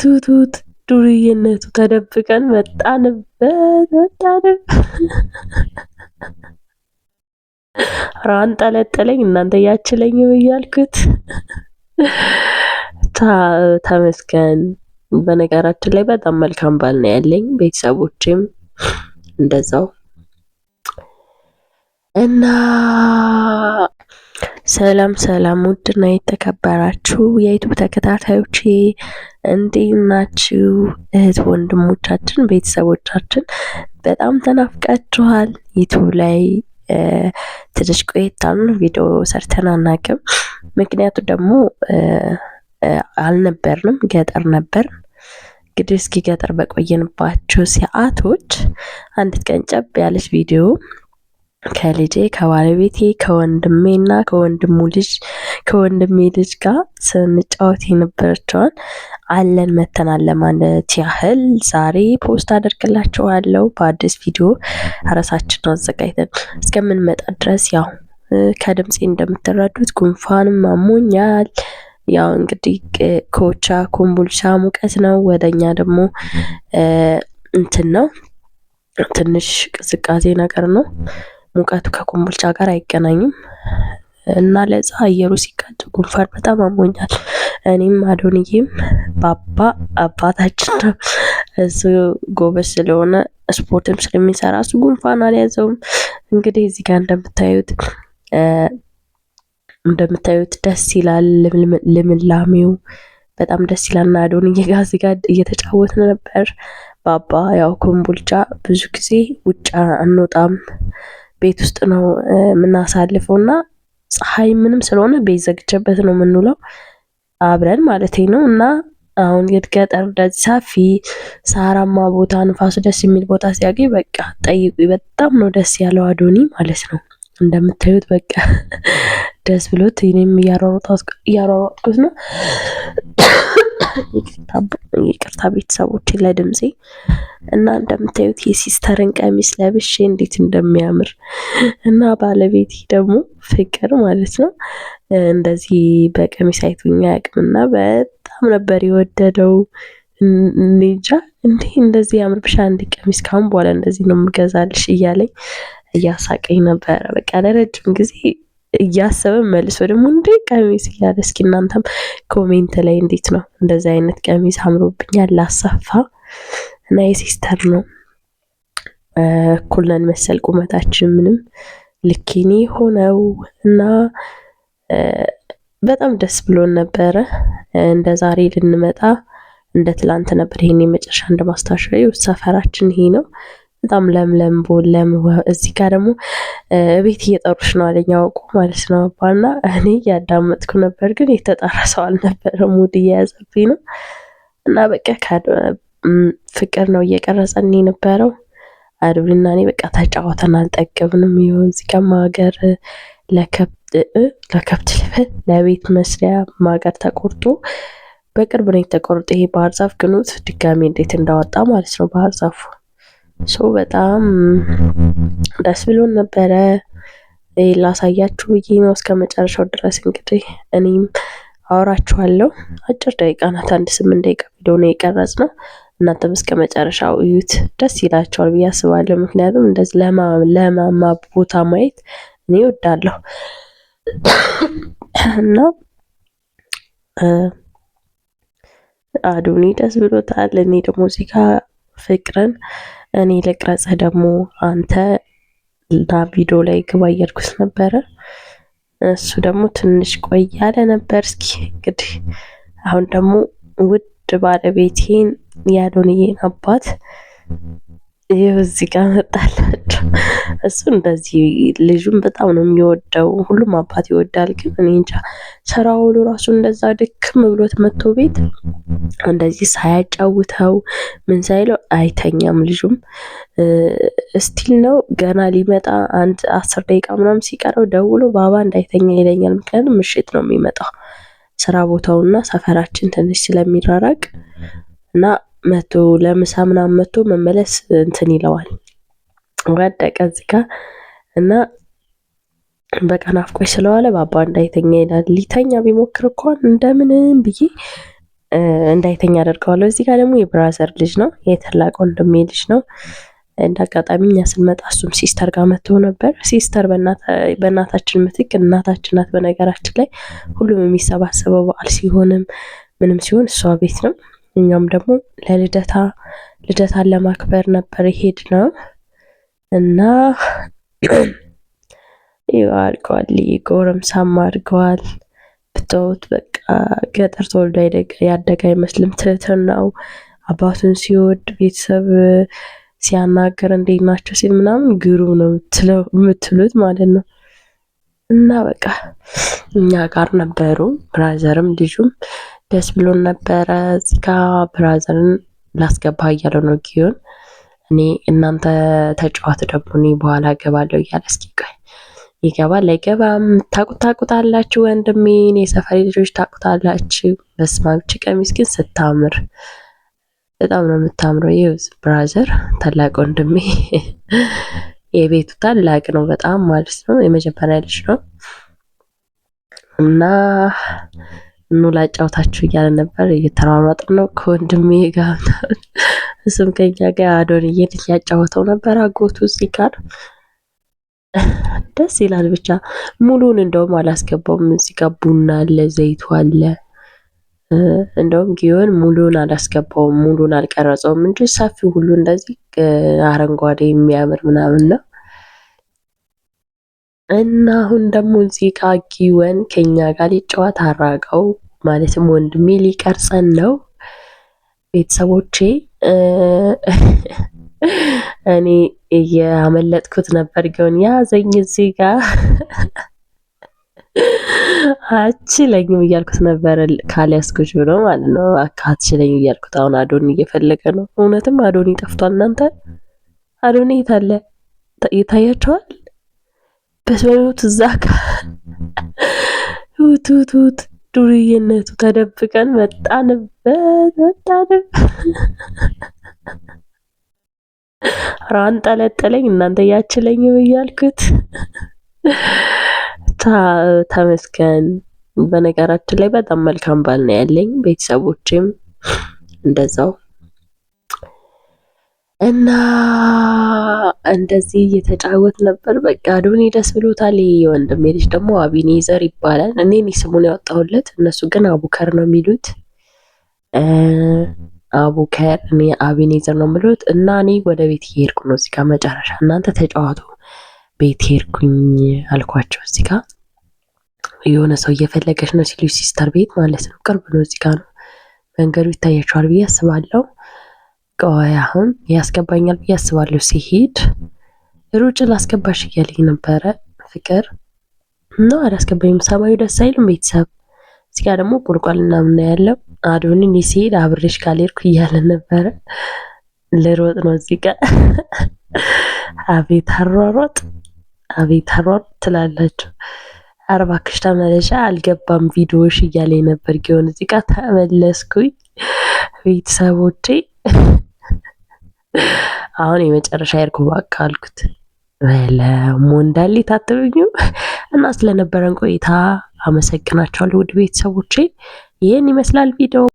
ቱቱቱት ዱርዬነቱ ተደብቀን መጣንበት መጣንበት። ኧረ አንጠለጠለኝ እናንተ ያችለኝ እያልኩት ተመስገን። በነገራችን ላይ በጣም መልካም ባል ነው ያለኝ፣ ቤተሰቦችም እንደዛው እና ሰላም ሰላም ውድና የተከበራችሁ የዩቱብ ተከታታዮች እንዴት ናችሁ? እህት ወንድሞቻችን፣ ቤተሰቦቻችን በጣም ተናፍቃችኋል። ዩቱብ ላይ ትንሽ ቆይታን ቪዲዮ ሰርተን አናቅም። ምክንያቱ ደግሞ አልነበርንም፣ ገጠር ነበር። እንግዲህ እስኪ ገጠር በቆየንባቸው ሰዓቶች አንዲት ቀን ጨብ ያለች ቪዲዮ ከልጄ ከባለቤቴ እና ከወንድሙ ልጅ ከወንድሜ ልጅ ጋር ስንጫወት የነበረችውን አለን መተናል ለማለት ያህል ዛሬ ፖስት አደርግላችኋለሁ በአዲስ ቪዲዮ ራሳችንን አዘጋጅተን እስከምንመጣ ድረስ ያው ከድምፄ እንደምትረዱት ጉንፋንም አሞኛል። ያው እንግዲህ ኮቻ ኮምቦልቻ ሙቀት ነው፣ ወደኛ ደግሞ እንትን ነው ትንሽ ቅዝቃዜ ነገር ነው። ሙቀቱ ከኮምቦልቻ ጋር አይገናኝም እና ለዛ አየሩ ሲቃጭ ጉንፋን በጣም አሞኛል። እኔም አዶንዬም ባባ አባታችን ነው። እሱ ጎበዝ ስለሆነ ስፖርትም ስለሚሰራ እሱ ጉንፋን አልያዘውም። እንግዲህ እዚህ ጋር እንደምታዩት እንደምታዩት ደስ ይላል። ልምላሜው በጣም ደስ ይላል። እና አዶንዬ ጋር እዚህ ጋር እየተጫወትን ነበር። ባባ ያው ኮምቦልቻ ብዙ ጊዜ ውጭ አንወጣም ቤት ውስጥ ነው የምናሳልፈው እና ፀሐይ ምንም ስለሆነ ቤት ዘግቼበት ነው የምንውለው አብረን ማለት ነው እና አሁን ገጠር እንደዚህ ሰፊ ሳራማ ቦታ ንፋሱ ደስ የሚል ቦታ ሲያገኝ በቃ ጠይቁ፣ በጣም ነው ደስ ያለው አዶኒ ማለት ነው። እንደምታዩት በቃ ደስ ብሎት እኔም እያሯሯጥኩት ነው። ይቅርታ ቤተሰቦች ለድምፄ እና እንደምታዩት የሲስተርን ቀሚስ ለብሼ እንዴት እንደሚያምር እና ባለቤቴ ደግሞ ፍቅር ማለት ነው እንደዚህ በቀሚስ አይቶኛ ያቅምና በጣም ነበር የወደደው። እንጃ እንዴ እንደዚህ ያምርብሻ አንድ ቀሚስ ካሁን በኋላ እንደዚህ ነው የምገዛልሽ እያለኝ እያሳቀኝ ነበረ። በቃ ለረጅም ጊዜ እያሰበ መልሶ ደግሞ እንዴ ቀሚስ እያለ እስኪ እናንተም ኮሜንት ላይ እንዴት ነው እንደዚህ አይነት ቀሚስ አምሮብኛል ላሰፋ እና የሲስተር ነው እኩል ነን መሰል ቁመታችን ምንም ልኬኔ ሆነው እና በጣም ደስ ብሎን ነበረ። እንደ ዛሬ ልንመጣ እንደ ትላንት ነበር። ይሄን የመጨረሻ እንደ ማስታወሻ ሰፈራችን ይሄ ነው። በጣም ለምለም ቦለም። እዚህ ጋር ደግሞ ቤት እየጠሩሽ ነው አለኝ አውቁ ማለት ነው አባና እኔ እያዳመጥኩ ነበር፣ ግን የተጣራ ሰው አልነበረ ሙድ እየያዘብኝ ነው እና በቃ ፍቅር ነው እየቀረጸን የነበረው አድብና እኔ በቃ ተጫወተን አልጠገብንም። ይኸው እዚህ ጋር ማገር ለከብት ለከብት ልበት ለቤት መስሪያ ማገር ተቆርጦ በቅርብ ነው የተቆረጠ። ይሄ ባህር ዛፍ ግኑት ድጋሚ እንዴት እንዳወጣ ማለት ነው ባህር ዛፉ ሰው በጣም ደስ ብሎን ነበረ። ላሳያችሁ ብዬ ነው እስከ መጨረሻው ድረስ እንግዲህ እኔም አወራችኋለሁ። አጭር ደቂቃ ናት፣ አንድ ስምንት ደቂቃ ቪዲዮ ነው የቀረጽ ነው። እናንተም እስከ መጨረሻው እዩት፣ ደስ ይላቸዋል ብዬ አስባለሁ። ምክንያቱም እንደዚህ ለማማ ቦታ ማየት እኔ እወዳለሁ እና አዶኒ ደስ ብሎታል። እኔ ደግሞ እዚህ ፍቅርን እኔ ልቅረጽህ ደግሞ አንተ ና ቪዲዮ ላይ ግባ እያልኩት ነበረ። እሱ ደግሞ ትንሽ ቆይ ያለ ነበር። እስኪ እንግዲህ አሁን ደግሞ ውድ ባለቤቴን ያዶንዬን አባት ይህ እዚህ ጋር መጣላችሁ። እሱ እንደዚህ ልጁን በጣም ነው የሚወደው። ሁሉም አባት ይወዳል፣ ግን እኔ እንጃ ስራ ውሎ ራሱ እንደዛ ድክም ብሎት መጥቶ ቤት እንደዚህ ሳያጫውተው ምን ሳይለው አይተኛም። ልጁም እስቲል ነው ገና ሊመጣ አንድ አስር ደቂቃ ምናምን ሲቀረው ደውሎ ባባ እንዳይተኛ ይለኛል። ምክንያቱም ምሽት ነው የሚመጣው ስራ ቦታውና ሰፈራችን ትንሽ ስለሚራራቅ እና መቶ ለምሳ ምናምን መቶ መመለስ እንትን ይለዋል ወደቀ እዚህ ጋ እና በቃ ናፍቆች ስለዋለ ባባ እንዳይተኛ ይላል። ሊተኛ ቢሞክር እንኳን እንደምንም ብዬ እንዳይተኛ አደርገዋለሁ። እዚህ ጋር ደግሞ የብራዘር ልጅ ነው የተላቀ ወንድሜ ልጅ ነው። እንደ አጋጣሚ እኛ ስንመጣ እሱም ሲስተር ጋር መጥቶ ነበር። ሲስተር በእናታችን ምትክ እናታችን ናት። በነገራችን ላይ ሁሉም የሚሰባሰበው በዓል ሲሆንም ምንም ሲሆን እሷ ቤት ነው። እኛም ደግሞ ለልደታ ልደታን ለማክበር ነበር ይሄድ ነው እና ይኸው አድገዋል። ጎረምሳም አድገዋል። ብታዩት በቃ ገጠር ተወልዶ ያደገ አይመስልም። ትህትናው አባቱን ሲወድ ቤተሰብ ሲያናገር እንዴት ናቸው ሲል ምናምን ግሩም ነው የምትሉት ማለት ነው። እና በቃ እኛ ጋር ነበሩ ብራዘርም ልጁም ደስ ብሎን ነበረ። እዚህ ጋ ብራዘርን ላስገባ እያለው ነው ጊዮን። እኔ እናንተ ተጫዋት ደግሞ እኔ በኋላ እገባለሁ እያለ እስኪ ቆይ ይገባል አይገባም፣ ታቁት ታቁታላችሁ። ወንድሜን የሰፈሪ ልጆች ታቁታላችሁ። በስመ ቀሚስ ግን ስታምር በጣም ነው የምታምረው። ይኸው ብራዘር ታላቅ ወንድሜ የቤቱ ታላቅ ነው በጣም ማለት ነው። የመጀመሪያ ልጅ ነው እና ኑ ላጫውታችሁ እያለ ነበር። እየተሯሯጥን ነው ከወንድሜ ጋር እሱም ከኛ ጋር አዶንዬን እያጫወተው ነበር። አጎቱ እዚህ ጋር ደስ ይላል። ብቻ ሙሉን እንደውም አላስገባውም። እዚህ ጋር ቡና አለ፣ ዘይቱ አለ። እንደውም ጊዮን ሙሉን አላስገባውም፣ ሙሉን አልቀረጸውም እንጂ ሰፊው ሁሉ እንደዚህ አረንጓዴ የሚያምር ምናምን ነው። እና አሁን ደግሞ እዚህ ጋ ጊወን ከኛ ጋር ሊጫወት አራቀው ማለትም ወንድሜ ሊቀርጸን ነው። ቤተሰቦቼ እኔ እያመለጥኩት ነበር፣ ግን ያዘኝ እዚህ ጋ አችለኝም እያልኩት ነበር። ካልያዝኩሽ ብሎ ማለት ነው። አችለኝ እያልኩት አሁን አዶኒ እየፈለገ ነው። እውነትም አዶኒ ጠፍቷል። እናንተ አዶኒ የታለ? ይታያቸዋል በሰሉት እዛ ውቱቱት ዱርዬነቱ ተደብቀን መጣንበት መጣንበት። ራን ጠለጠለኝ እናንተ ያችለኝ እያልኩት ተመስገን። በነገራችን ላይ በጣም መልካም ባል ነው ያለኝ። ቤተሰቦችም እንደዛው እና እንደዚህ እየተጫወት ነበር። በቃ አዶኒ ደስ ብሎታል። ይሄ የወንድሜ ልጅ ደግሞ አቢኔዘር ይባላል። እኔ ስሙን ያወጣሁለት፣ እነሱ ግን አቡከር ነው የሚሉት። አቡከር፣ እኔ አቢኔዘር ነው የሚሉት። እና እኔ ወደ ቤት ሄድኩ ነው እዚጋ መጨረሻ። እናንተ ተጫዋቱ ቤት ሄድኩኝ አልኳቸው። እዚጋ የሆነ ሰው እየፈለገች ነው ሲሉ ሲስተር ቤት ማለት ነው። ቅርብ ነው እዚጋ ነው መንገዱ ይታያቸዋል ብዬ አስባለሁ። ቆይ አሁን ያስገባኛል ብዬ አስባለሁ። ሲሄድ ሩጭ ላስገባሽ እያለኝ ነበረ ፍቅር እና አላስገባኝም። ሰማዩ ደስ አይልም ቤተሰብ። እዚጋ ደግሞ ቁልቋል እናምና ያለው አዶኒን ሲሄድ አብሬሽ ካልሄድኩ እያለ ነበረ። ልሮጥ ነው እዚጋ። አቤት አሯሯጥ፣ አቤት አሯሯጥ ትላላችሁ። አርባ ክሽታ መለሻ አልገባም ቪዲዮሽ እያለኝ ነበር። ጊሆን እዚጋ ተመለስኩኝ ቤተሰቦቼ አሁን የመጨረሻ የርኩ በቃ አልኩት። ለሞንዳሌ ታትብኙ እና ስለነበረን ቆይታ አመሰግናቸዋለሁ ውድ ቤተሰቦቼ። ይህን ይመስላል ቪዲዮ።